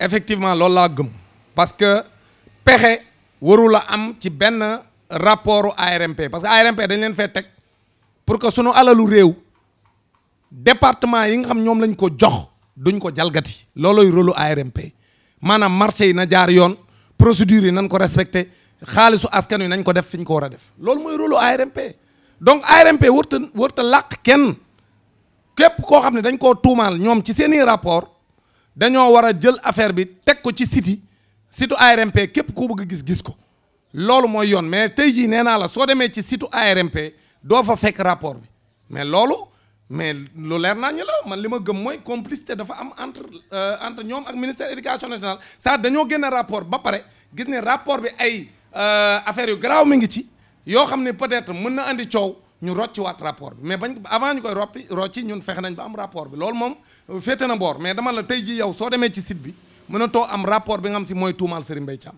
effectivement lola la parce que pexe warul la am ci rapport rapport ARMP parce que ARMP dañ leen pour que sunu alalu le département yi nga xam ko jalgati ARMP marché na procédure ko respecté xaalisu askan wi nañ ko def fi ko war a def loolu mooy rôle ARMP donc ARMP wërta wërta làq kenn képp koo xam ne dañ koo tuumaal ñoom ci seeni rapport dañoo war a jël affaire bi teg ko ci site site ARMP képp koo bëgg gis gis ko loolu mooy yoon mais tey jii nee naa la soo demee ci site ARMP doo fa fekk rapport bi mais loolu mais lu leer naa ñu la man li ma gëm mooy complicité dafa am entre euh, entre ñoom ak ministère éducation nationale ça dañoo génne rapport ba pare gis rapport bi ay Euh, affaire yu garaaw mi ngi ci yoo xam ne peut-être mën na andi coow ñu rocciwaat rapport bi mais bañ avant ñu koy roppi rocci ñun fexe nañ ba am rapport bi loolu moom féete na boor mais dama la tey ji yow soo demee ci site bi mën a too am rapport bi nga xam si mooy tuumaal Serigne Mbaye Thiam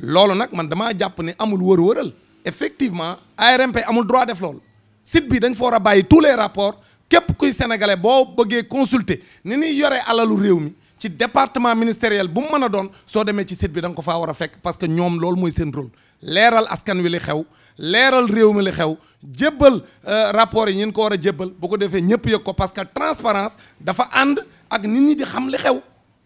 loolu nag man damaa jàpp ne amul wër-wëral effectivement ARMP amul droit def loolu site bi dañ fa war a bàyyi tous les rapports képp kuy sénégalais boo bëggee consulter ni ñuy yore alalu réew mi ci département ministériel bu mu mën a doon soo demee ci site bi da nga ko faa war a fekk parce que ñoom loolu mooy seen rôle leeral askan wi li xew leeral réew mi li xew jébbal euh, rapport yi ñin ko war a jébbal bu ko defee ñëpp yëg ko parce que transparence dafa ànd ak nit ñi di xam li xew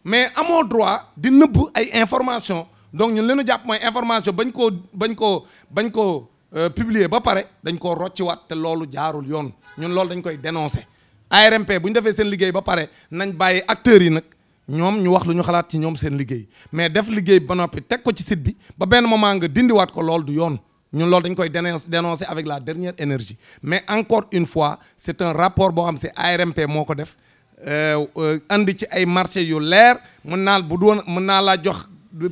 mais amoo droit di nëbb ay information donc ñun leenu jàpp mooy information bañ koo bañ koo bañ koo euh, publier ba pare dañ koo rocciwaat te loolu jaarul yoon ñun loolu dañ koy dénoncer ARMP bu ñu defee seen liggéey ba pare nañ bàyyi acteurs yi nag ñoom ñu wax lu ñu xalaat ci ñoom seen liggéey mais def liggéey ba noppi teg ko ci site bi ba benn moment nga dindiwaat ko lool du yoon ñun loolu dañ koy dénoncer avec la dernière énergie mais encore une fois c'est un rapport boo xam si ARMP moo ko def euh, euh, andi ci ay marché yu leer mën naa bu doon mën naa laa jox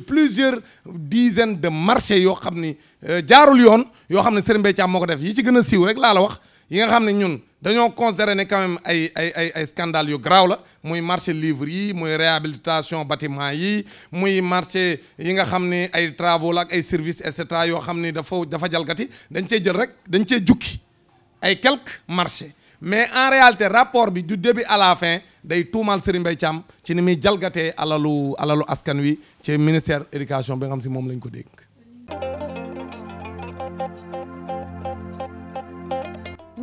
plusieurs dizaines de marché yoo xam ni euh, jaarul yoon yoo xam ne Serigne Mbaye Thiam moo ko def yi ci gën a siiw rek laa la wax yi nga xam ne ñun dañoo considéré ne quand même ay ay ay ay scandale yu garaaw la muy marché livre yi muy réhabilitation bâtiment yi muy marché yi nga xam ne ay travaux la ak ay services et cetera yoo xam ne dafa dafa jalgati dañ cee jël rek dañ cee jukki ay quelque marché mais en réalité rapport bi du début à la fin day tuumaal Serigne Mbaye Thiam ci ni muy jalgatee alalu alalu askan wi ci ministère éducation bi nga xam si moom lañ ko dégg